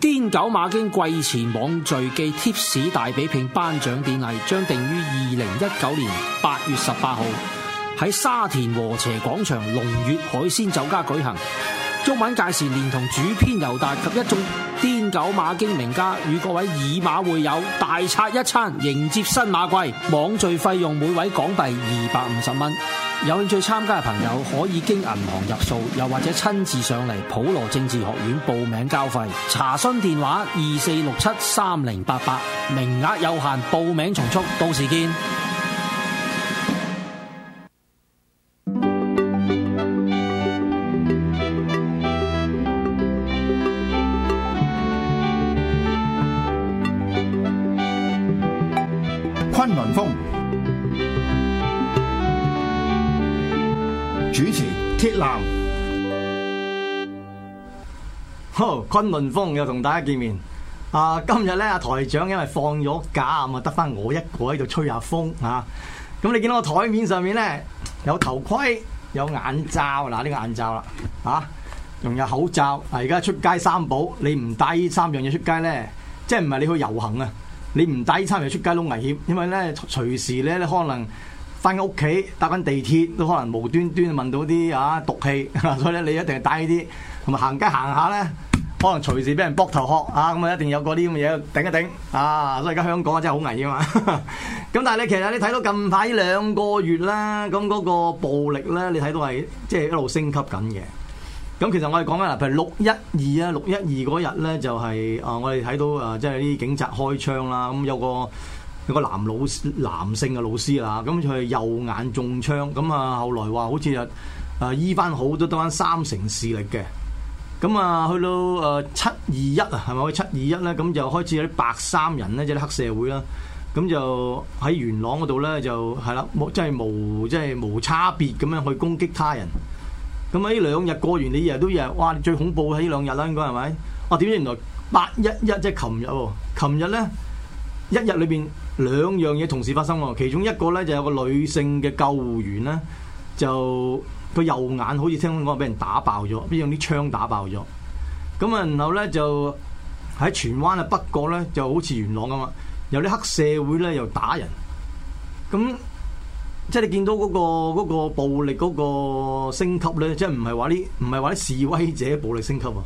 癲狗馬經季前網聚記貼士大比拼頒獎典禮將定於二零一九年八月十八號喺沙田和斜廣場龍悅海鮮酒家舉行。中文屆時連同主編尤達及一眾癲狗馬經名家與各位以馬會友，大拆一餐，迎接新馬季。網聚費用每位港幣二百五十蚊。有興趣參加嘅朋友可以經銀行入數，又或者親自上嚟普羅政治學院報名交費。查詢電話二四六七三零八八，名額有限，報名從速，到時見。南，好 Hello,，昆崙風又同大家見面。啊，今日咧，台長因為放咗假，咁啊得翻我一個喺度吹下風啊。咁、啊、你見到我台面上面咧有頭盔、有眼罩，嗱、啊、呢、這個眼罩啦，啊，仲有口罩。啊，而家出街三寶，你唔帶呢三樣嘢出街咧，即係唔係你去遊行啊？你唔帶呢三樣嘢出街都危險，因為咧隨時咧你可能。翻緊屋企，搭緊地鐵都可能無端端聞到啲啊毒氣，所以咧你一定帶呢啲，同埋行街行下咧，可能隨時俾人卜頭殼啊！咁啊，一定有嗰啲咁嘅嘢頂一頂啊！所以而家香港啊真係好危險啊！咁但係你其實你睇到近排兩個月啦，咁嗰個暴力咧，你睇到係即係一路升級緊嘅。咁其實我哋講緊啦，譬如六一二啊，六一二嗰日咧就係啊，我哋睇到啊，即係啲警察開槍啦，咁有個。個男老師，男性嘅老師啦，咁、嗯、佢右眼中槍，咁、嗯、啊後來話好似啊、呃、醫翻好，都得翻三成視力嘅，咁啊去到誒七二一啊，係咪啊七二一咧？咁、呃嗯、就開始有啲白衫人咧，即係黑社會啦，咁、嗯、就喺元朗嗰度咧，就係啦、嗯，即係無即係無差別咁樣去攻擊他人。咁啊呢兩日過完，你日都日，哇！最恐怖喺呢兩日啦，應該係咪？哇、啊，點知原來八一一即係琴日喎，琴日咧。一日裏邊兩樣嘢同時發生喎，其中一個咧就有個女性嘅救護員咧，就個右眼好似聽講話俾人打爆咗，俾人用啲槍打爆咗咁啊，然後咧就喺荃灣啊北角咧就好似元朗咁嘛，有啲黑社會咧又打人咁，即係你見到嗰、嗰個嗰個暴力嗰個升級咧，即係唔係話啲唔係話啲示威者暴力升級喎，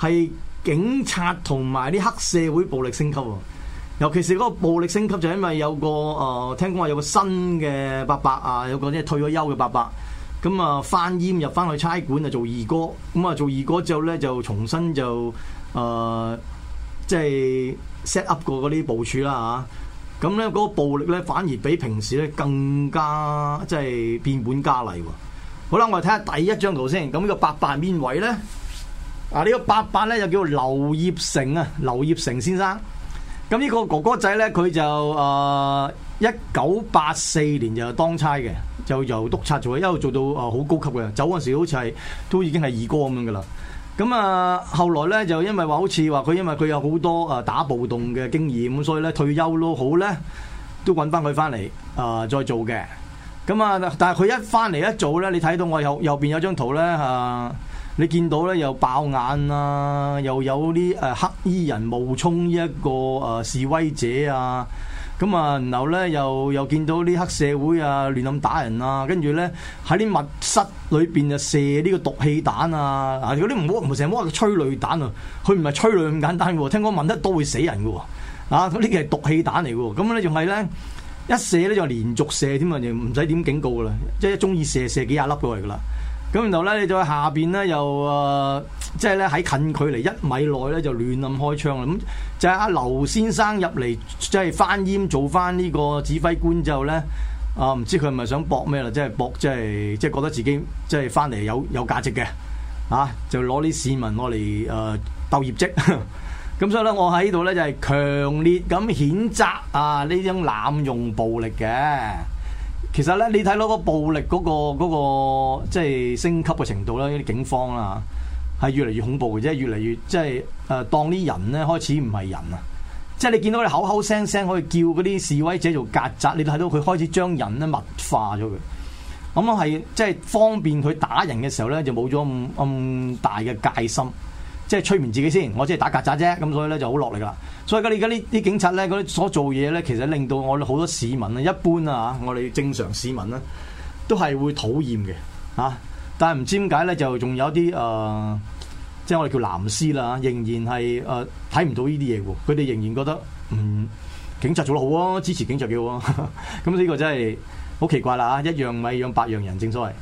係警察同埋啲黑社會暴力升級喎。尤其是嗰個暴力升級，就係因為有個誒、呃，聽講話有個新嘅伯伯啊，有個即係退咗休嘅伯伯，咁、嗯、啊翻艔入翻去差館啊做二哥。咁、嗯、啊做二哥之後咧就重新就誒，即、呃、係、就是、set up 過嗰啲部署啦嚇。咁咧嗰個暴力咧反而比平時咧更加即係變本加厲喎。好、啊、啦，我哋睇下第一張圖先。咁呢個伯伯係邊位咧？啊呢、這個伯伯咧就叫劉業成啊，劉業成先生。咁呢個哥哥仔咧，佢就啊一九八四年就當差嘅，就由督察做，一路做到啊好高級嘅。走嗰陣時好似係都已經係二哥咁樣噶啦。咁、嗯、啊後來咧就因為話好似話佢因為佢有好多啊打暴動嘅經驗，咁所以咧退休都好咧，都揾翻佢翻嚟啊再做嘅。咁、嗯、啊，但係佢一翻嚟一做咧，你睇到我右右邊有張圖咧啊。呃你見到咧又爆眼啊，又有啲誒黑衣人冒充呢一個誒示威者啊，咁啊，然後咧又又見到呢黑社會啊亂咁打人啊，跟住咧喺啲密室裏邊就射呢個毒氣彈啊！如果你唔好唔成日好話催淚彈啊，佢唔係催淚咁簡單嘅喎，聽講聞得多會死人嘅喎，啊，嗯、呢個係毒氣彈嚟嘅喎，咁咧仲係咧一射咧就連續射添啊，就唔使點警告嘅啦，即係鍾意射射幾廿粒過嚟嘅啦。咁然後咧，你再下邊咧，又誒、呃，即係咧喺近距離一米內咧，就亂咁開槍啦。咁就係阿劉先生入嚟，即係翻閹做翻呢個指揮官之後咧，啊、呃、唔知佢係咪想搏咩啦？即係搏、即係，即係即係覺得自己即係翻嚟有有價值嘅，啊就攞啲市民攞嚟誒鬥業績。咁 所以咧，我喺呢度咧就係、係、強烈咁譴責啊呢種濫用暴力嘅。其實咧，你睇到個暴力嗰、嗰個嗰個即係升級嘅程度咧，啲警方啊，係越嚟越恐怖嘅啫，越嚟越即係，誒、就是呃，當啲人咧開始唔係人啊，即係你見到佢口口聲聲可以叫嗰啲示威者做曱甴，你睇到佢開始將人咧物化咗佢，咁我係即係方便佢打人嘅時候咧，就冇咗咁咁大嘅戒心，即係催眠自己先，我即係打曱甴啫，咁所以咧就好落力噶。所以而家呢啲警察咧，嗰啲所做嘢咧，其實令到我哋好多市民啊，一般啊，我哋正常市民咧、啊，都係會討厭嘅嚇、啊。但係唔知點解咧，就仲有啲誒、呃，即係我哋叫藍絲啦嚇，仍然係誒睇唔到呢啲嘢喎。佢哋仍然覺得嗯，警察做得好啊，支持警察幾好啊。咁呢個真係好奇怪啦嚇，一樣米養百樣人，正所謂。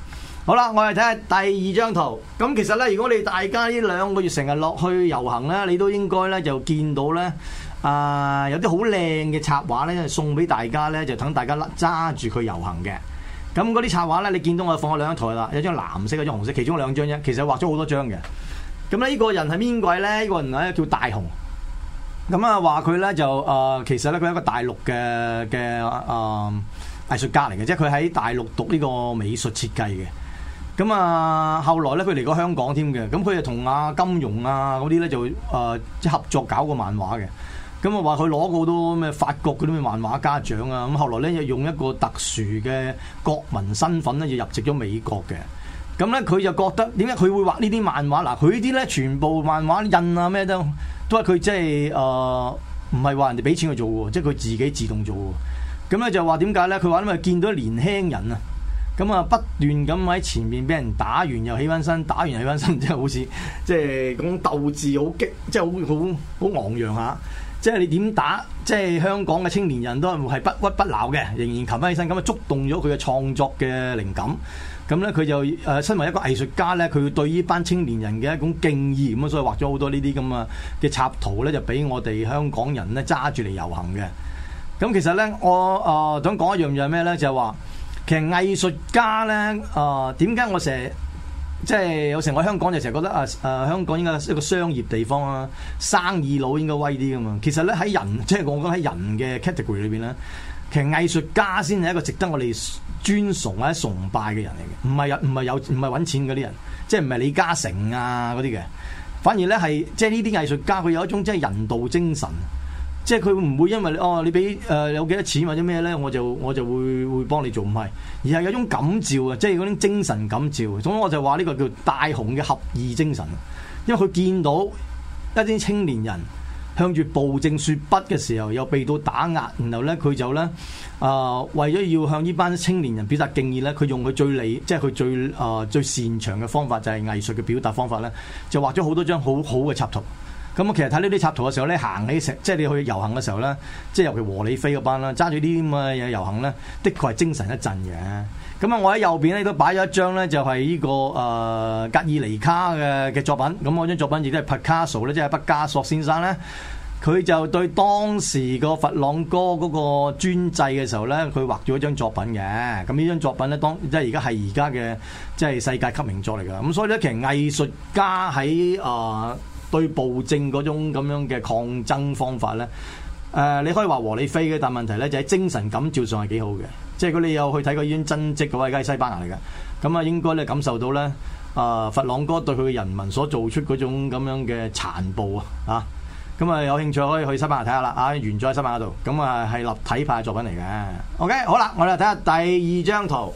好啦，我哋睇下第二張圖。咁其實咧，如果你大家呢兩個月成日落去遊行咧，你都應該咧就見到咧，啊、呃、有啲好靚嘅插畫咧送俾大家咧，就等大家揸住佢遊行嘅。咁嗰啲插畫咧，你見到我放咗兩張台啦，有張藍色，有張紅色，其中兩張啫。其實畫咗好多張嘅。咁、嗯、呢、呢個人係邊個咧？呢、呢個人咧叫大雄。咁啊話佢咧就啊、呃，其實咧佢係一個大陸嘅嘅啊藝術家嚟嘅，即係佢喺大陸讀呢個美術設計嘅。咁啊他他，後來咧佢嚟過香港添嘅，咁佢就同啊金庸啊嗰啲咧就啊即合作搞個漫畫嘅。咁啊話佢攞過好多咩法國嗰啲漫畫家獎啊，咁後來咧又用一個特殊嘅國民身份咧就入籍咗美國嘅，咁咧佢就覺得點解佢會畫呢啲漫畫？嗱，佢啲咧全部漫畫印啊咩都都話佢即係誒唔係話人哋俾錢去做嘅，即係佢自己自動做嘅，咁咧就話點解咧？佢話因為見到年輕人啊。咁啊、嗯，不斷咁喺前面俾人打完又起翻身，打完又起翻身，真係好似即係咁鬥志好激，即係好好好昂揚下。即係你點打，即係香港嘅青年人都係不屈不撓嘅，仍然擒翻起身，咁啊觸動咗佢嘅創作嘅靈感。咁咧，佢就誒身為一個藝術家咧，佢對呢班青年人嘅一種敬意咁，所以畫咗好多呢啲咁啊嘅插圖咧，就俾我哋香港人咧揸住嚟遊行嘅。咁其實咧，我誒想、呃、講一樣嘢係咩咧，就係、是、話。其實藝術家咧，啊、呃，點解我成，日，即係有成我香港就成日覺得啊，啊、呃，香港應該一個商業地方啊，生意佬應該威啲噶嘛。其實咧喺人，即係我覺得喺人嘅 category 裏邊咧，其實藝術家先係一個值得我哋尊崇或者崇拜嘅人嚟嘅。唔係唔係有唔係揾錢嗰啲人，即係唔係李嘉誠啊嗰啲嘅。反而咧係即係呢啲藝術家，佢有一種即係人道精神。即係佢唔會因為你哦你俾誒、呃、有幾多錢或者咩咧，我就我就,我就會會幫你做，唔係，而係有種感召啊，即係嗰種精神感召。總之我就話呢個叫大雄嘅俠義精神。因為佢見到一啲青年人向住暴政説不嘅時候，又被到打壓，然後咧佢就咧啊、呃，為咗要向呢班青年人表達敬意咧，佢用佢最理，即係佢最啊、呃、最擅長嘅方法就係、是、藝術嘅表達方法咧，就畫咗好多張好好嘅插圖。咁啊，其實睇呢啲插圖嘅時候咧，行起成即係你去遊行嘅時候咧，即係尤其和理非嗰班啦，揸住啲咁嘅嘢遊行咧，的確係精神一振嘅。咁啊，我喺右邊咧都擺咗一張咧、這個，就係呢個誒格爾尼卡嘅嘅作品。咁我張作品亦都係畢卡索即係畢加索先生咧，佢就對當時個佛朗哥嗰個專制嘅時候咧，佢畫咗一張作品嘅。咁呢張作品咧，當即係而家係而家嘅即係世界級名作嚟㗎。咁所以咧，其實藝術家喺誒。呃對暴政嗰種咁樣嘅抗爭方法咧，誒、呃，你可以話和理非嘅，但問題咧就喺、是、精神感召上係幾好嘅。即係佢哋有去睇過院真迹嗰位，而家係西班牙嚟嘅。咁、嗯、啊，應該咧感受到咧啊、呃，佛朗哥對佢嘅人民所做出嗰種咁樣嘅殘暴啊吓。咁、嗯、啊，有興趣可以去西班牙睇下啦。啊，原在西班牙度咁啊，係、嗯、立體派作品嚟嘅。OK，好啦，我哋睇下第二張圖。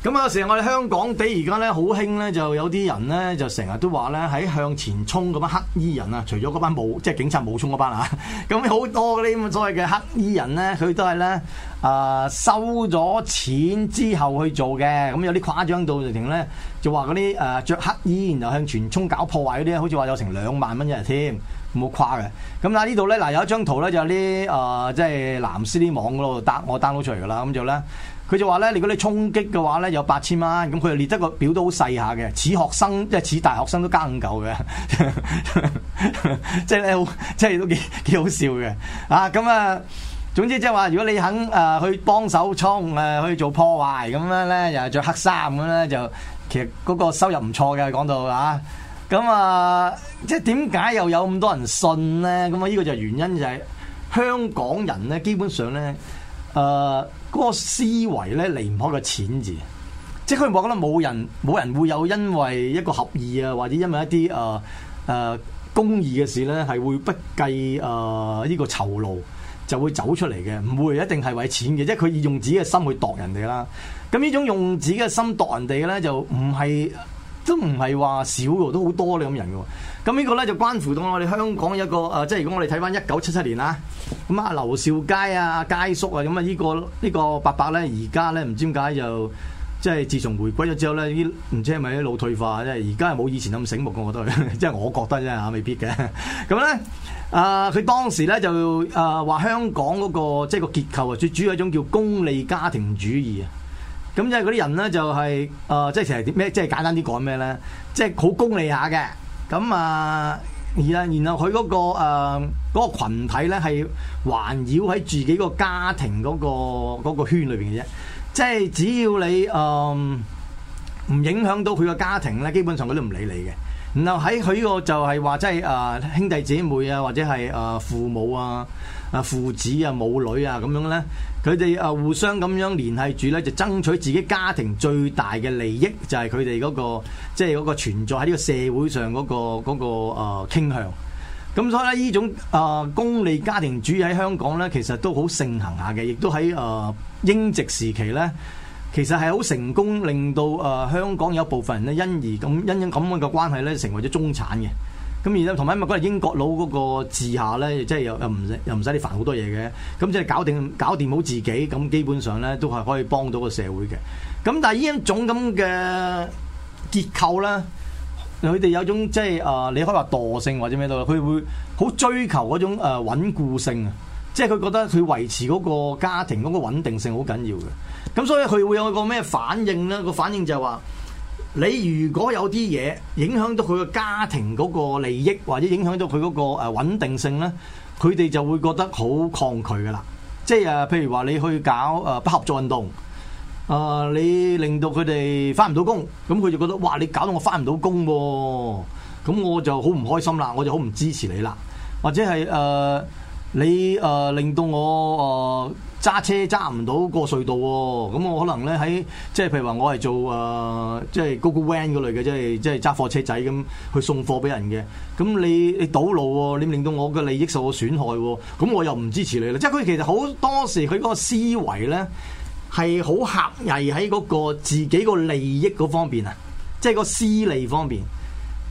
咁啊！有時我哋香港地而家咧好興咧，就有啲人咧就成日都話咧喺向前衝嗰班黑衣人啊！除咗嗰班冇，即係警察冒充嗰班啊，咁 好多嗰啲咁所謂嘅黑衣人咧，佢都係咧啊收咗錢之後去做嘅。咁有啲誇張到直情咧，就話嗰啲誒著黑衣然後向前衝搞破壞嗰啲，好似話有成兩萬蚊一日添，冇誇嘅。咁喺呢度咧，嗱、呃、有一張圖咧，就啲誒、呃、即係藍絲啲網嗰度 d 我 download 出嚟噶啦，咁就咧。佢就話咧，如果你衝擊嘅話咧，有八千蚊咁，佢又列得個表都好細下嘅，似學生即係似大學生都加五嚿嘅，即係咧好，即係都幾幾好笑嘅啊！咁啊，總之即係話，如果你肯誒、呃、去幫手衝誒、呃、去做破壞咁樣咧，又係着黑衫咁咧，就其實嗰個收入唔錯嘅。講到啊，咁啊，即係點解又有咁多人信咧？咁啊，呢、這個就係原因就係、是、香港人咧，基本上咧，誒、呃。嗰個思維咧離唔開個錢字，即係佢話覺得冇人冇人會有因為一個合意啊，或者因為一啲誒誒公義嘅事咧，係會不計誒呢個酬勞就會走出嚟嘅，唔會一定係為錢嘅，即係佢要用自己嘅心去度人哋啦。咁呢種用自己嘅心度人哋咧，就唔係。都唔係話少喎，都好多咧咁人嘅喎。咁呢個咧就關乎到我哋香港一個誒、呃，即係如果我哋睇返一九七七年啦，咁啊劉兆佳啊、阿佳叔啊，咁啊呢個呢、這個伯伯咧，而家咧唔知點解就即係自從回歸咗之後咧，唔知係咪一路退化，即係而家係冇以前咁醒目嘅，我都即係我覺得啫嚇，未必嘅。咁咧啊，佢、呃、當時咧就誒話香港嗰、那個即係個結構啊，最主要一種叫功利家庭主義啊。咁即係嗰啲人咧，就係、是、誒、就是呃，即係成日點咩？即係簡單啲講咩咧？即係好功利下嘅。咁、嗯、啊，然後然後佢嗰個誒嗰、呃那個群體咧，係環繞喺自己個家庭嗰、那個那個圈裏邊嘅啫。即係只要你誒唔、呃、影響到佢個家庭咧，基本上佢都唔理你嘅。然後喺佢呢個就係話，即係誒、啊、兄弟姐妹啊，或者係誒、啊、父母啊、啊父子啊、母女啊咁樣咧。佢哋啊，互相咁樣聯繫住咧，就爭取自己家庭最大嘅利益，就係佢哋嗰個即係嗰個存在喺呢個社會上嗰個嗰個啊傾向。咁所以咧，呢種啊功利家庭主義喺香港咧，其實都好盛行下嘅，亦都喺啊、呃、英殖時期咧，其實係好成功，令到啊、呃、香港有部分人咧，因而咁因因咁樣嘅關係咧，成為咗中產嘅。咁而咧，同埋咪嗰個英國佬嗰個字下咧，即真係又又唔又唔使你煩好多嘢嘅。咁即係搞掂搞掂好自己，咁基本上咧都係可以幫到個社會嘅。咁但係呢一種咁嘅結構咧，佢哋有種即係啊，你可以話惰性或者咩都，佢會好追求嗰種誒、呃、穩固性啊，即係佢覺得佢維持嗰個家庭嗰個穩定性好緊要嘅。咁所以佢會有個咩反應咧？個反應就係話。你如果有啲嘢影響到佢嘅家庭嗰個利益，或者影響到佢嗰個誒穩定性呢，佢哋就會覺得好抗拒噶啦。即係譬如話你去搞誒不、呃、合作運動，誒、呃、你令到佢哋翻唔到工，咁佢就覺得哇！你搞到我翻唔到工喎、啊，咁我就好唔開心啦，我就好唔支持你啦。或者係誒、呃、你誒、呃、令到我誒。呃揸車揸唔到過隧道喎、哦，咁我可能咧喺即係譬如話我係做誒即係 Google Van 嗰類嘅，即係即係揸貨車仔咁去送貨俾人嘅，咁你你堵路喎、哦，你令到我嘅利益受到損害喎、哦，咁我又唔支持你啦。即係佢其實好多時佢嗰個思維咧係好狹隘喺嗰個自己個利益嗰方面啊，即係個私利方面。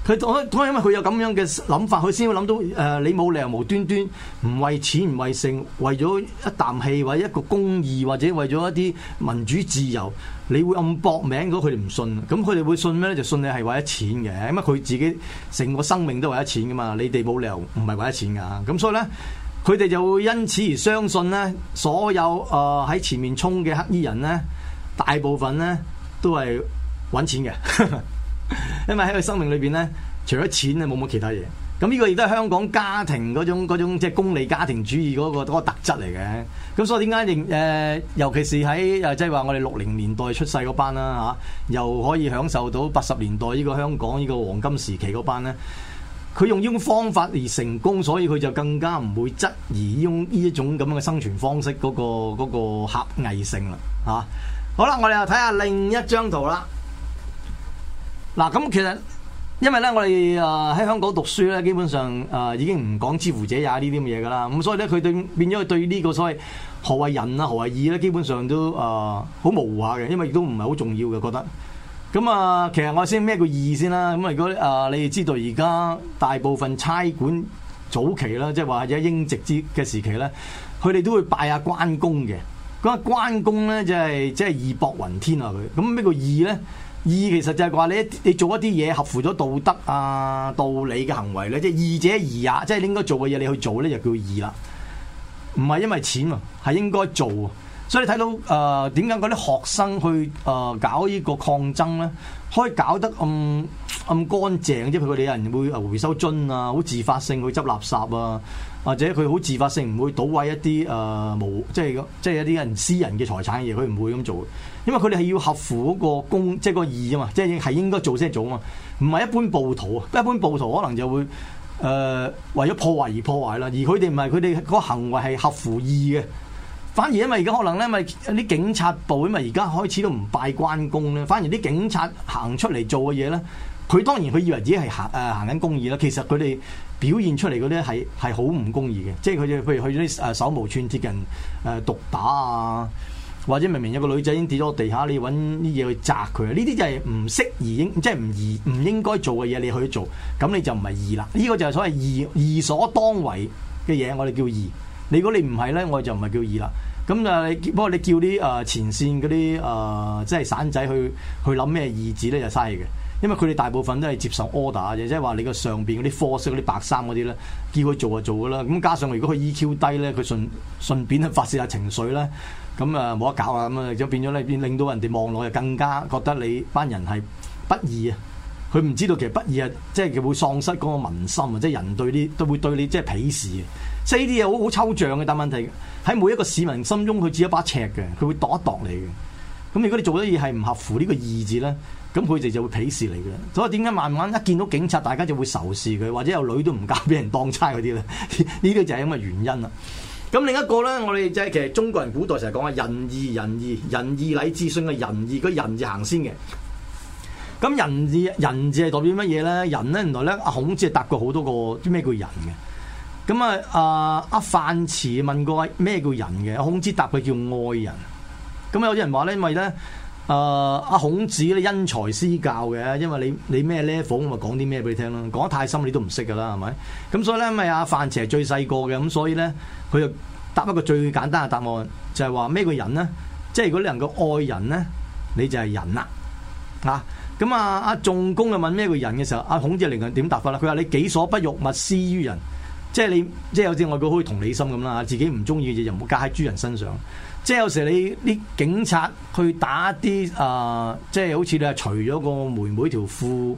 佢因為佢有咁樣嘅諗法，佢先會諗到誒、呃，你冇理由無端端唔為錢唔為性，為咗一啖氣或一個公義或者為咗一啲民主自由，你會咁搏命，咁佢哋唔信，咁佢哋會信咩咧？就信你係為咗錢嘅，因為佢自己成個生命都為咗錢噶嘛，你哋冇理由唔係為咗錢噶。咁所以咧，佢哋就會因此而相信咧，所有誒喺、呃、前面衝嘅黑衣人咧，大部分咧都係揾錢嘅。 因為喺佢生命裏邊呢，除咗錢啊，冇乜其他嘢。咁呢個亦都係香港家庭嗰種嗰種即係功利家庭主義嗰個嗰個特質嚟嘅。咁所以點解令誒，尤其是喺即係話我哋六零年代出世嗰班啦吓、啊，又可以享受到八十年代呢個香港呢個黃金時期嗰班呢。佢、啊、用呢種方法而成功，所以佢就更加唔會質疑用呢一種咁嘅生存方式嗰個嗰個狹隘性啦吓、啊。好啦，我哋又睇下另一張圖啦。嗱咁其實，因為咧我哋誒喺香港讀書咧，基本上誒已經唔講知乎者也呢啲咁嘢噶啦，咁所以咧佢對變咗佢對呢個所謂何謂仁啊何謂義咧，基本上都誒好模糊下嘅，因為亦都唔係好重要嘅覺得。咁啊，其實我先咩叫義先啦，咁啊如果誒你哋知道而家大部分差館早期啦，即係或者英治之嘅時期咧，佢哋都會拜下關公嘅。咁關公咧就係即係義薄雲天啊佢，咁咩叫義咧？義其實就係話你你做一啲嘢合乎咗道德啊道理嘅行為咧，即係義者義也，即係你應該做嘅嘢你去做咧就叫義啦，唔係因為錢啊，係應該做，所以你睇到誒點解嗰啲學生去誒、呃、搞呢個抗爭咧，可以搞得咁咁乾淨啫，佢哋人會誒回收樽啊，好自發性去執垃圾啊。或者佢好自發性，唔會倒毀一啲誒、呃、無，即係即係一啲人私人嘅財產嘅嘢，佢唔會咁做。因為佢哋係要合乎嗰個公，即係個義啊嘛，即係係應該做先做啊嘛。唔係一般暴徒，一般暴徒可能就會誒、呃、為咗破壞而破壞啦。而佢哋唔係，佢哋個行為係合乎義嘅。反而因為而家可能咧，因為啲警察部因為而家開始都唔拜關公咧，反而啲警察行出嚟做嘅嘢咧。佢當然佢以為自己係行誒、呃、行緊公義啦，其實佢哋表現出嚟嗰啲係係好唔公義嘅，即係佢哋譬如去咗啲誒手無寸鐵人誒、呃、毒打啊，或者明明有個女仔已經跌咗落地下，你揾啲嘢去砸佢，啊。呢啲就係唔適宜應即係唔宜唔應該做嘅嘢，你去做咁你就唔係義啦。呢、這個就係所謂義義所當為嘅嘢，我哋叫義。如果你唔係咧，我哋就唔係叫義啦。咁就，不過你叫啲誒前線嗰啲誒即係散仔去去諗咩義字咧，就嘥嘅。因為佢哋大部分都係接受 order 啫，即係話你個上邊嗰啲貨色、嗰啲白衫嗰啲咧，叫佢做就做噶啦。咁加上如果佢 EQ 低咧，佢順順便去發泄下情緒啦，咁啊冇得搞啊咁啊，就變咗咧，變令到人哋望落去更加覺得你班人係不義啊！佢唔知道其實不義啊，即係佢會喪失嗰個民心啊，即係人對你都會對你即係鄙視啊！即係呢啲嘢好好抽象嘅，但問題喺每一個市民心中，佢只有一把尺嘅，佢會度一度你嘅。咁如果你做咗嘢係唔合乎呢個義字咧？咁佢哋就會鄙視你嘅，所以點解慢慢一見到警察，大家就會仇視佢，或者有女都唔嫁俾人當差嗰啲咧？呢 啲就係咁嘅原因啦。咁另一個咧，我哋即係其實中國人古代成日講啊，仁義仁義仁義禮智信嘅仁義，個仁字行先嘅。咁仁字仁字係代表乜嘢咧？仁咧原來咧，阿孔子係答過好多個咩叫仁嘅。咁啊啊，樊遲問過咩叫仁嘅？孔子答佢叫愛人。咁有啲人話咧，因為咧。誒阿、啊、孔子咧因材施教嘅，因為你你咩 level，我咪講啲咩俾你聽咯。講得太深你都唔識噶啦，係咪？咁所以咧，咪阿范齊係最細個嘅，咁所以咧佢就答一個最簡單嘅答案，就係話咩個人咧，即係如果你能夠愛人咧，你就係人啦。啊，咁啊阿仲弓就問咩個人嘅時候，阿、啊、孔子就另外點答法啦。佢話你己所不欲，勿施於人，即係你即係有啲外國可以同理心咁啦，自己唔中意嘅嘢又唔好加喺諸人身上。即係有時你啲警察去打啲啊、呃，即係好似你係除咗個妹妹條褲，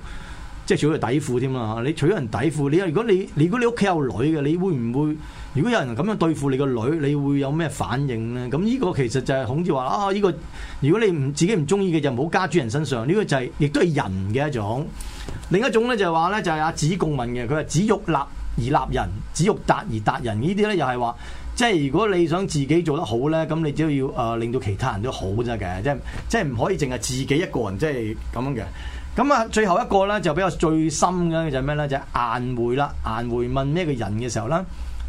即係除咗佢底褲添啦。你除咗人底褲，你，褲你如果你，你如果你屋企有女嘅，你會唔會如果有人咁樣對付你個女，你會有咩反應咧？咁呢個其實就係孔子話啊，呢、這個如果你唔自己唔中意嘅就唔好加諸人身上。呢、這個就係、是、亦都係人嘅一種。另一種咧就係話咧就係、是、阿子貢問嘅，佢話子欲立而立人，子欲達而達人。呢啲咧又係話。即係如果你想自己做得好咧，咁你只要要啊、呃、令到其他人都好啫嘅，即係即係唔可以淨係自己一個人即係咁樣嘅。咁啊，最後一個咧就比較最深嘅就係咩咧？就係、是、顏回啦。顏回問呢個人嘅時候啦，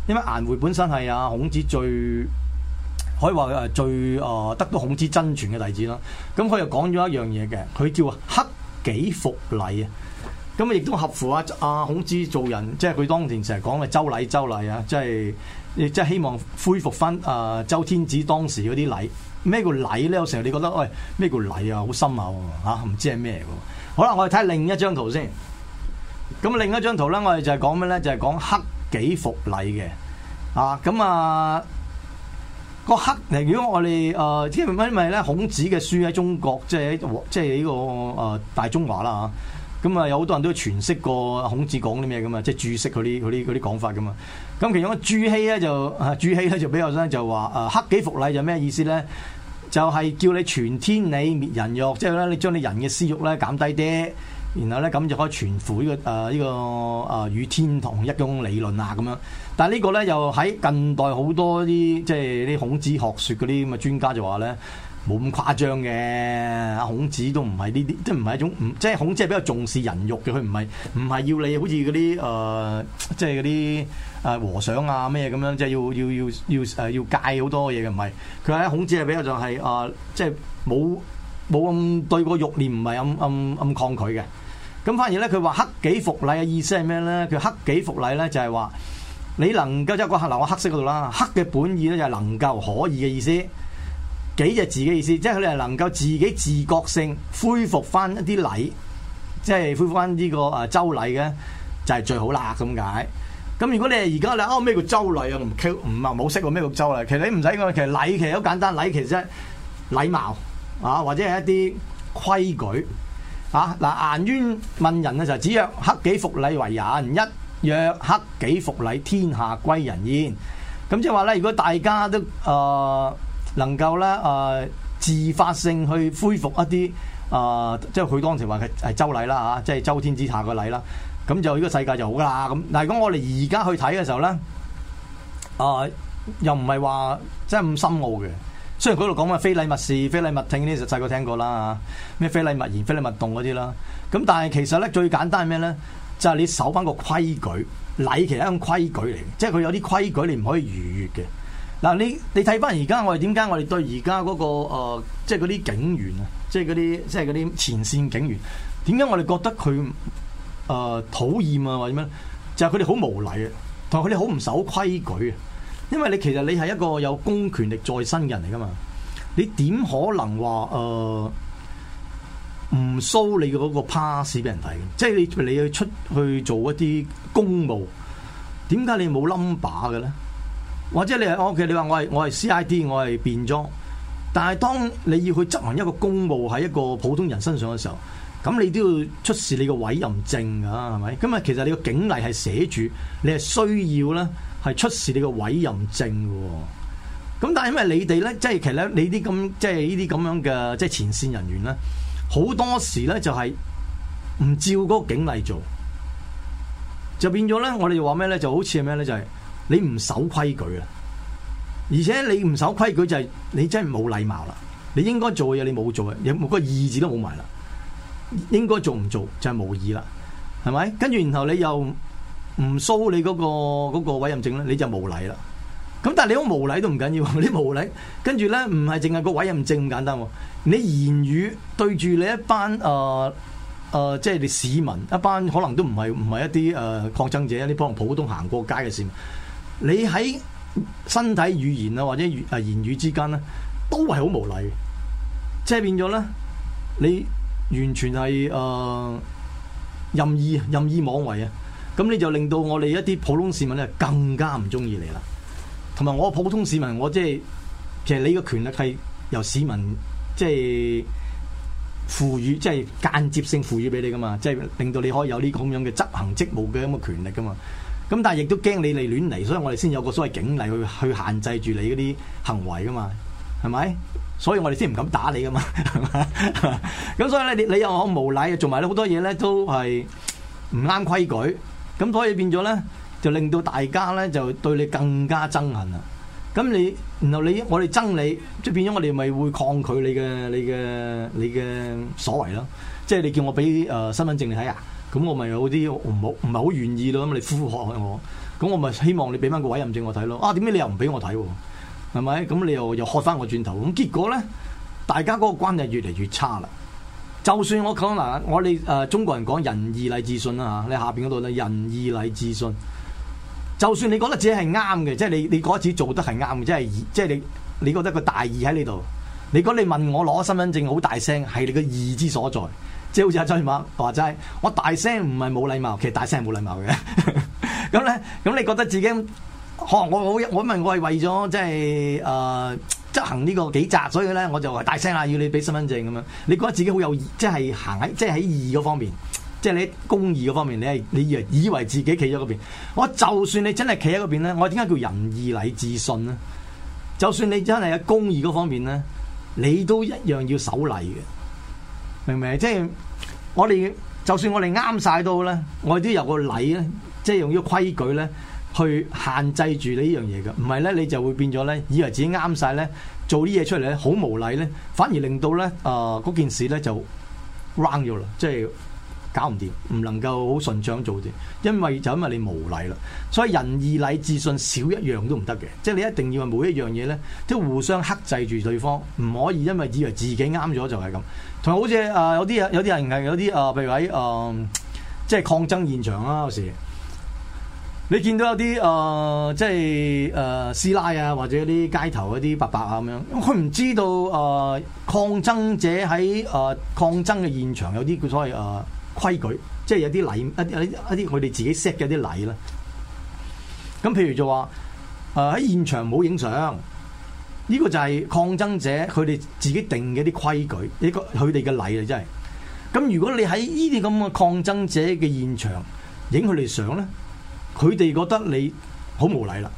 因為顏回本身係啊孔子最可以話佢係最啊、呃、得到孔子真傳嘅弟子咯。咁佢又講咗一樣嘢嘅，佢叫克己復禮啊。咁亦都合乎阿阿孔子做人，即係佢當年成日講嘅周禮周禮啊，即係亦即係希望恢復翻啊周天子當時嗰啲禮。咩叫禮咧？有時候你覺得喂咩、哎、叫禮啊？好深奧啊！吓、啊，唔知係咩嘅。好啦，我哋睇另一張圖先。咁另一張圖咧，我哋就係講咩咧？就係講克己復禮嘅。啊，咁啊、嗰個克，如果我哋誒、呃，因為因為咧，孔子嘅書喺中國，即係即係呢個誒、呃、大中華啦吓。啊咁啊、嗯，有好多人都傳釋過孔子講啲咩嘅嘛，即係注釋嗰啲啲啲講法嘅嘛。咁其中朱熹咧就，朱熹咧就比較咧就話，誒克己復禮就咩意思咧？就係、是、叫你存天理滅人欲，即係咧你將你人嘅私欲咧減低啲，然後咧咁就可以傳乎呢、這個呢、呃這個誒與天同一嗰種理論啊咁樣。但係呢個咧又喺近代好多啲即係啲孔子學説嗰啲咁嘅專家就話咧。冇咁誇張嘅，孔子都唔係呢啲，即係唔係一種，即係孔子，即係比較重視人欲嘅，佢唔係唔係要你好似嗰啲誒，即係嗰啲誒和尚啊咩咁樣，即係要要要要誒要戒好多嘢嘅，唔係佢話孔子係比較就係啊，即係冇冇咁對個慾念唔係咁咁咁抗拒嘅。咁反而咧，佢話克己復禮嘅意思係咩咧？佢克己復禮咧就係話你能夠即係講下嗱，喺黑色嗰度啦，黑嘅本意咧就係能夠可以嘅意思。幾隻字嘅意思，即係佢哋係能夠自己自覺性恢復翻一啲禮，即係恢復翻呢個啊周禮嘅就係、是、最好啦咁解。咁如果你係而家你哦咩叫周禮啊，唔 q 唔啊冇識過咩叫周禮，其實你唔使講，其實禮其實好簡單，禮其實禮貌啊或者係一啲規矩啊，嗱顏淵問人嘅時候，子曰克己復禮為仁，一曰克己復禮天下歸仁焉。咁即係話咧，如果大家都啊。呃能夠咧誒、呃、自發性去恢復一啲誒、呃，即係佢當時話係係周禮啦嚇、啊，即係周天子下個禮啦。咁、啊、就呢個世界就好噶啦。咁但係如果我哋而家去睇嘅時候咧，誒、啊、又唔係話即係咁深奧嘅。雖然嗰度講嘅非禮勿視、非禮勿聽呢，就細個聽過啦。咩非禮勿言、非禮勿動嗰啲啦。咁但係其實咧最簡單係咩咧？就係、是、你守翻個規矩，禮其實係一種規矩嚟嘅，即係佢有啲規矩你唔可以逾越嘅。嗱，你你睇翻而家我哋點解我哋對而家嗰個誒，即係嗰啲警員啊，即係嗰啲即係嗰啲前線警員，點解我哋覺得佢誒、呃、討厭啊或者咩？就係佢哋好無禮，同佢哋好唔守規矩啊！因為你其實你係一個有公權力在身嘅人嚟噶嘛，你點可能話誒唔 show 你嗰個 pass 俾人睇？即係你你要出去做一啲公務，點解你冇冧把嘅咧？或者你係，OK，你話我係我係 CID，我係便裝。但係當你要去執行一個公務喺一個普通人身上嘅時候，咁你都要出示你個委任證㗎，係咪？咁啊，其實你個警例係寫住，你係需要咧，係出示你個委任證㗎喎。咁但係因為你哋咧，即係其實你啲咁即係呢啲咁樣嘅即係前線人員咧，好多時咧就係、是、唔照嗰個警例做，就變咗咧。我哋又話咩咧？就好似係咩咧？就係、是。你唔守規矩啊！而且你唔守規矩就係你真係冇禮貌啦。你應該做嘅嘢你冇做啊，你冇嗰個義字都冇埋啦。應該做唔做就係無義啦，係咪？跟住然後你又唔 show 你嗰、嗰個、嗰個委任證咧，你就無禮啦。咁但係你好無禮都唔緊要緊，你無禮。跟住咧唔係淨係個委任證咁簡單，你言語對住你一班誒誒、呃呃，即係你市民一班，可能都唔係唔係一啲誒、呃、抗爭者，一啲幫普通行過街嘅市民。你喺身體語言啊，或者誒言語之間咧，都係好無禮，即係變咗咧，你完全係誒、呃、任意任意妄為啊！咁你就令到我哋一啲普通市民咧更加唔中意你啦。同埋我普通市民，我即係其實你嘅權力係由市民即係賦予，即係間接性賦予俾你㗎嘛，即係令到你可以有呢咁樣嘅執行職務嘅咁嘅權力㗎嘛。咁但係亦都驚你哋亂嚟，所以我哋先有個所謂警例去去限制住你嗰啲行為噶嘛，係咪？所以我哋先唔敢打你噶嘛。咁所以咧，你又好無賴，做埋咧好多嘢咧都係唔啱規矩，咁所以變咗咧就令到大家咧就對你更加憎恨啦。咁你然後你我哋憎你，即係變咗我哋咪會抗拒你嘅你嘅你嘅所為咯。即係你叫我俾誒身份證你睇啊！咁我咪有啲唔好唔係好願意咯，咁你呼呼喝喝我，咁我咪希望你俾翻個委任證我睇咯。啊，點解你又唔俾我睇？係咪？咁你又又喝翻我轉頭。咁結果咧，大家嗰個關係越嚟越差啦。就算我講嗱，我哋誒、呃、中國人講仁義禮智信啊，嚇，你下邊嗰度咧仁義禮智信。就算你覺得自己係啱嘅，即、就、係、是、你你嗰次做得係啱嘅，即係即係你你覺得個、就是、大義喺呢度。你覺得你問我攞身份證好大聲，係你個義之所在。即係好似阿張月媽話齋，我大聲唔係冇禮貌，其實大聲係冇禮貌嘅。咁 咧，咁你覺得自己，呵、哦，我好，我問我係為咗即係誒執行呢個紀集，所以咧我就話大聲啦，要你俾身份證咁樣。你覺得自己好有，意，即係行喺，即係喺義嗰方面，即係你公義嗰方面，你係你以為以為自己企咗嗰邊？我就算你真係企喺嗰邊咧，我點解叫仁義禮智信咧？就算你真係喺公義嗰方面咧，你都一樣要守禮嘅。明唔明？即係我哋就算我哋啱晒到好，我哋都有個禮咧，即係用呢個規矩咧，去限制住你呢樣嘢噶。唔係咧，你就會變咗咧，以為自己啱晒咧，做啲嘢出嚟咧，好無禮咧，反而令到咧啊嗰件事咧就 run 咗啦，即係。搞唔掂，唔能夠好順暢做啲，因為就因為你無禮啦。所以仁義禮智信少一樣都唔得嘅，即係你一定要冇一樣嘢咧，都係互相克制住對方，唔可以因為以為自己啱咗就係咁。同埋好似誒有啲有啲人係有啲誒，譬如喺誒、呃、即係抗爭現場啦，有時你見到有啲誒、呃、即係誒師奶啊，或者啲街頭嗰啲伯伯啊咁樣，佢唔知道誒、呃、抗爭者喺誒、呃、抗爭嘅現場有啲所謂誒。呃呃這個，規矩，即係有啲禮一啲一啲，佢哋自己 set 嘅啲禮啦。咁譬如就話，誒喺現場冇影相，呢個就係抗爭者佢哋自己定嘅啲規矩，呢個佢哋嘅禮啊，真係。咁如果你喺呢啲咁嘅抗爭者嘅現場影佢哋相咧，佢哋覺得你好無禮啦。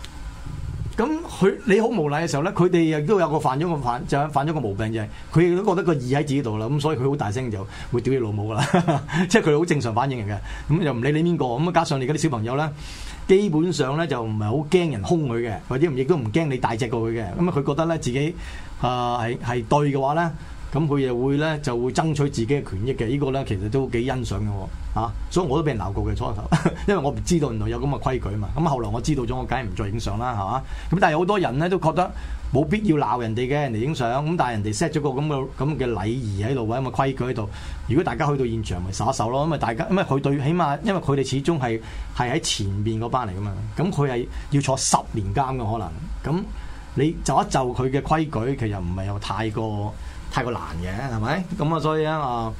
咁佢你好無賴嘅時候咧，佢哋亦都有個犯咗個犯就係犯咗個毛病，就係佢亦都覺得個義喺自己度啦，咁所以佢好大聲就會屌你老母啦， 即係佢好正常反應嚟嘅。咁又唔理你邊個，咁加上你嗰啲小朋友咧，基本上咧就唔係好驚人兇佢嘅，或者亦都唔驚你大隻過佢嘅，咁啊佢覺得咧自己啊係係對嘅話咧。咁佢又會咧，就會爭取自己嘅權益嘅。這個、呢個咧，其實都幾欣賞嘅喎。嚇、啊，所以我都俾人鬧過嘅初頭，因為我唔知道原來有咁嘅規矩啊嘛。咁、嗯、後來我知道咗，我梗係唔再影相啦，係嘛？咁但係好多人咧都覺得冇必要鬧人哋嘅人哋影相。咁但係人哋 set 咗個咁嘅咁嘅禮儀喺度，或者咁嘅規矩喺度。如果大家去到現場咪耍手咯。咁啊，大家因為佢對起碼，因為佢哋始終係係喺前面嗰班嚟㗎嘛。咁佢係要坐十年監嘅可能。咁、嗯、你就一就佢嘅規矩，其實唔係有太過。太過難嘅，係咪？咁啊，所以咧啊，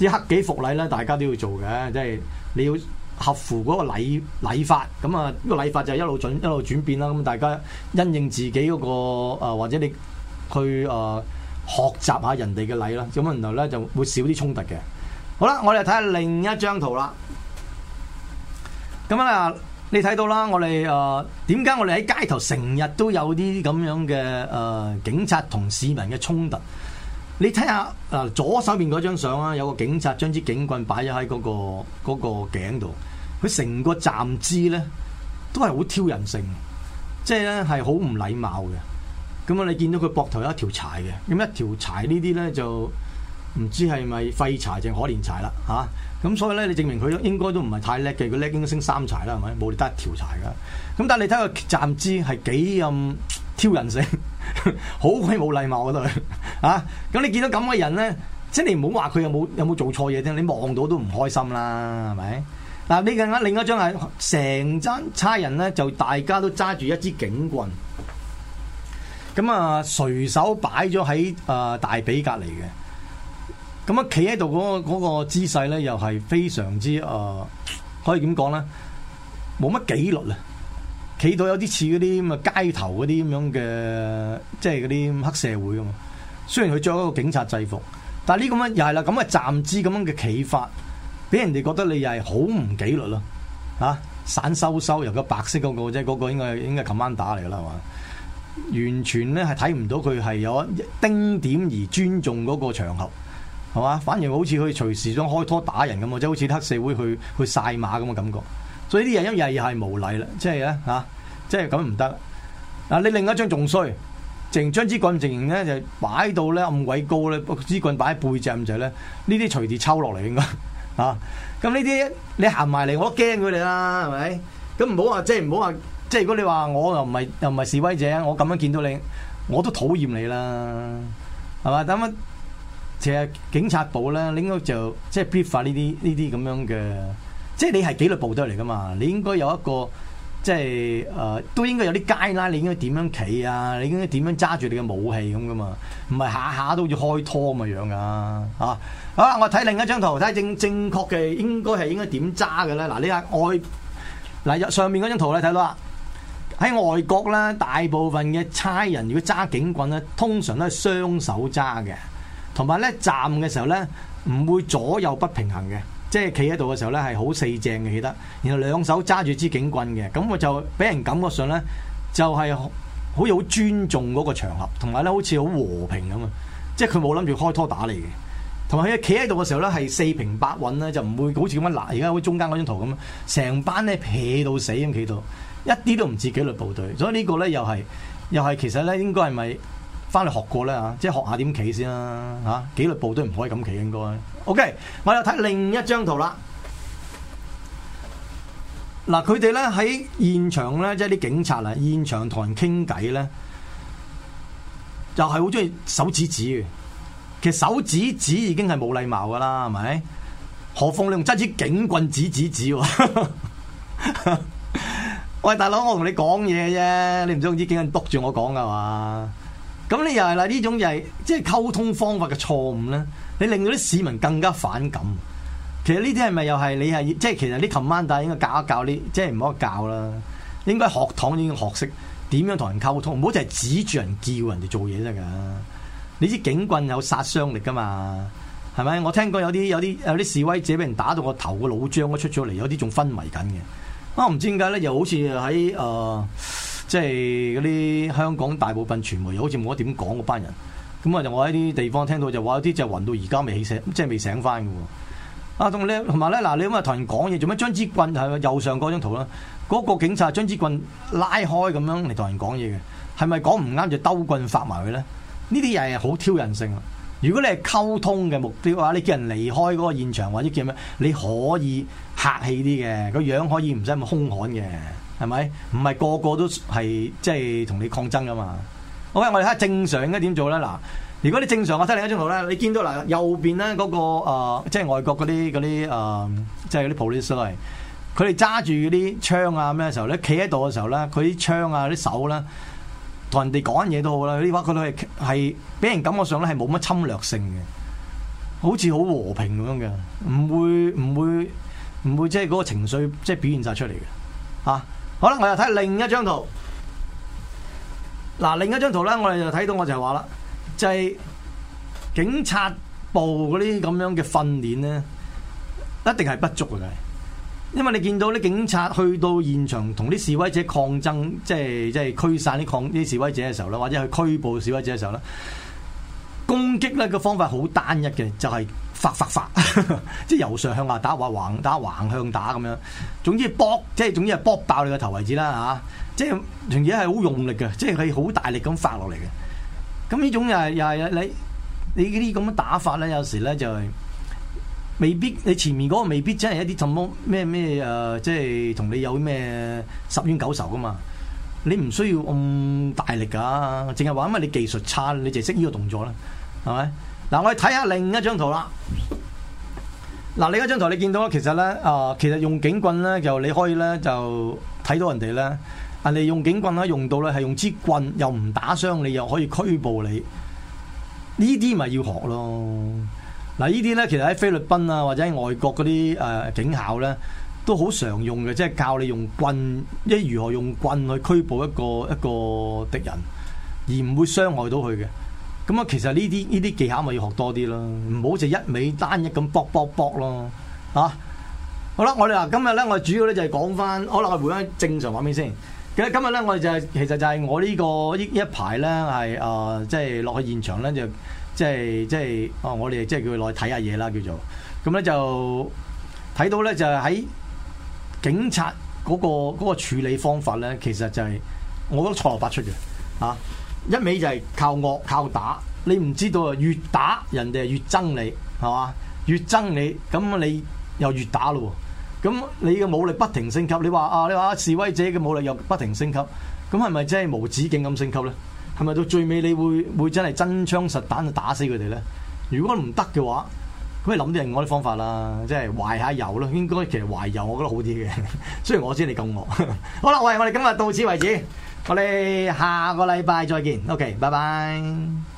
啲、呃、克己服禮咧，大家都要做嘅，即係你要合乎嗰個禮禮法。咁啊，呢個禮法就一路轉一路轉變啦。咁大家因應自己嗰、那個、呃、或者你去啊、呃、學習下人哋嘅禮啦。咁啊，然後咧就會少啲衝突嘅。好啦，我哋睇下另一張圖啦。咁啊，你睇到啦，呃、我哋啊，點解我哋喺街頭成日都有啲咁樣嘅啊、呃、警察同市民嘅衝突？你睇下啊，左手邊嗰張相啊，有個警察將支警棍擺咗喺嗰個嗰、嗰個頸度，佢成個站姿咧都係好挑人性，即係咧係好唔禮貌嘅。咁啊，你見到佢膊頭有一條柴嘅，咁一條柴呢啲咧就唔知係咪廢柴定可憐柴啦，吓、啊、咁所以咧，你證明佢應該都唔係太叻嘅，佢叻應該升三柴啦，係咪冇得一條柴噶？咁但係你睇下個站姿係幾咁挑人性。 好鬼冇禮貌 啊！都啊，咁你見到咁嘅人咧，即係你唔好話佢有冇有冇做錯嘢啫，你望到都唔開心啦，係咪？嗱、啊，呢個另一張係成紮差人咧，就大家都揸住一支警棍，咁啊隨手擺咗喺啊大髀隔籬嘅，咁啊企喺度嗰個姿勢咧，又係非常之誒、呃，可以點講咧？冇乜紀律啦。起到有啲似嗰啲咁啊，街頭嗰啲咁樣嘅，即係嗰啲黑社會啊嘛。雖然佢著一個警察制服，但係呢咁樣又係啦，咁嘅站姿，咁樣嘅企法，俾人哋覺得你又係好唔紀律咯。嚇、啊，散收收由個白色嗰、嗰個啫，嗰個應該應該 commander 嚟㗎啦嘛。完全咧係睇唔到佢係有一丁點而尊重嗰個場合，係嘛？反而好似佢隨時想開拖打人咁，即係好似黑社會去去曬馬咁嘅感覺。所以啲人一係又係無禮啦，即係咧嚇。啊即係咁唔得。嗱，你另一張仲衰，剩將支棍剩咧就擺到咧咁鬼高咧，支棍擺喺背脊咁就咧，呢啲隨時抽落嚟應該啊，咁呢啲你行埋嚟，我都驚佢哋啦，係咪？咁唔好話即係唔好話，即係如果你話我又唔係又唔係示威者，我咁樣見到你，我都討厭你啦，係嘛？咁啊，其實警察部咧，你應該就即係撇發呢啲呢啲咁樣嘅，即係你係紀律部隊嚟噶嘛，你應該有一個。即係誒、呃，都應該有啲街啦，你應該點樣企啊？你應該點樣揸住你嘅武器咁噶嘛？唔係下下都好似開拖咁嘅樣噶、啊，啊！好啦，我睇另一張圖，睇下正正確嘅應該係應該點揸嘅咧？嗱、啊，呢下外嗱、啊、上面嗰張圖咧睇到啦，喺外國咧，大部分嘅差人如果揸警棍咧，通常都係雙手揸嘅，同埋咧站嘅時候咧，唔會左右不平衡嘅。即係企喺度嘅時候咧，係好四正嘅，企得，然後兩手揸住支警棍嘅，咁我就俾人感覺上咧，就係好有好尊重嗰個場合，同埋咧好似好和平咁啊！即係佢冇諗住開拖打你嘅，同埋佢企喺度嘅時候咧，係四平八穩咧，就唔會好似咁樣嗱，而家好似中間嗰張圖咁，成班咧撇到死咁企到，一啲都唔似紀律部隊。所以個呢個咧又係又係其實咧應該係咪翻嚟學過咧嚇？即係學下點企先啦嚇，紀律部隊唔可以咁企應該。OK，我又睇另一張圖啦。嗱，佢哋咧喺現場咧，即係啲警察啦，現場同人傾偈咧，就係好中意手指指。其實手指指已經係冇禮貌噶啦，係咪？何況你仲執住警棍指指指喎？ 喂，大佬，我同你講嘢啫，你唔想知警棍督住我講嘅嘛？咁你又係啦？呢種又係即係溝通方法嘅錯誤咧，你令到啲市民更加反感。其實呢啲係咪又係你係即係？其實你琴晚但係應該教一教啲，即係唔好教啦。應該學堂已經學識點樣同人溝通，唔好淨係指住人叫人哋做嘢得噶。你知警棍有殺傷力噶嘛？係咪？我聽過有啲有啲有啲示威者俾人打到個頭個腦漿都出咗嚟，有啲仲昏迷緊嘅。啊，唔知點解咧？又好似喺誒。呃即係嗰啲香港大部分傳媒又好似冇乜點講嗰班人，咁啊就我喺啲地方聽到就話有啲就暈到而家未起醒，即係未醒翻嘅啊，同你同埋咧，嗱、啊，你咁啊同人講嘢做咩將支棍係咪右上嗰張圖啦，嗰、嗰個警察將支棍拉開咁樣嚟同人講嘢嘅，係咪講唔啱就兜棍發埋佢咧？呢啲嘢係好挑釁性啊！如果你係溝通嘅目標嘅話，啊，你叫人離開嗰個現場或者叫咩，你可以客氣啲嘅，個樣可以唔使咁兇悍嘅。係咪？唔係個個都係即係同你抗爭噶嘛？OK，我哋睇下正常應該點做咧？嗱，如果你正常我睇另一張圖咧，你見到嗱右邊咧嗰個誒，即係外國嗰啲嗰啲誒，即係嗰啲 police 咧，佢哋揸住嗰啲槍啊咩嘅時候咧，企喺度嘅時候咧，佢啲槍啊啲手咧，同人哋講嘢都好啦，呢班佢都係俾人感覺上咧係冇乜侵略性嘅，好似好和平咁樣嘅，唔會唔會唔會即係嗰個情緒即係表現晒出嚟嘅，啊！好啦，我又睇另一張圖。嗱，另一張圖咧，我哋就睇到我就係話啦，就係警察部嗰啲咁樣嘅訓練咧，一定係不足嘅。因為你見到啲警察去到現場同啲示威者抗爭，即係即係驅散啲抗啲示威者嘅時候啦，或者去拘捕示威者嘅時候啦，攻擊咧個方法好單一嘅，就係。發發發，即係由上向下打，或橫打，橫向打咁樣。總之搏，即係總之係搏爆你個頭為止啦，吓、啊！即係總之係好用力嘅，即係佢好大力咁發落嚟嘅。咁呢種又係又係你你啲咁嘅打法咧，有時咧就係未必你前面嗰個未必真係一啲什麼咩咩誒，即係同你有咩十冤九仇噶嘛？你唔需要咁大力噶，淨係話因為你技術差，你就識呢個動作啦，係咪？嗱，我哋睇下另一張圖啦。嗱，另一張圖你見到啦，其實咧，啊，其實用警棍咧，就你可以咧就睇到人哋咧。人哋用警棍咧用到咧，係用支棍又唔打傷你，又可以拘捕你。呢啲咪要學咯。嗱，呢啲咧其實喺菲律賓啊或者喺外國嗰啲誒警校咧都好常用嘅，即係教你用棍，即如何用棍去拘捕一個一個敵人，而唔會傷害到佢嘅。咁啊，其實呢啲呢啲技巧咪要學多啲咯，唔好就一味單一咁卜卜卜咯，嚇、啊！好啦，我哋嗱今日咧，我主要咧就係講翻，可能去回翻正常畫面先。其實今日咧，我哋就係其實就係我呢個呢一排咧，係誒即係落去現場咧，就即係即係啊，我哋即係叫佢落去睇下嘢啦，叫做咁咧就睇到咧就係喺警察嗰個嗰個處理方法咧，其實就係、是、我覺得錯漏百出嘅，啊！一味就係靠惡靠打，你唔知道啊！越打人哋越憎你，係嘛？越憎你，咁你又越打咯。咁你嘅武力不停升級，你話啊，你話示威者嘅武力又不停升級，咁係咪真係無止境咁升級咧？係咪到最尾你會會真係真槍實彈就打死佢哋咧？如果唔得嘅話，咁你諗啲另外啲方法啦，即係懷下柔咯。應該其實懷柔，我覺得好啲嘅。雖然我知你咁惡。好啦，喂，我哋今日到此為止。我哋下個禮拜再見，OK，拜拜。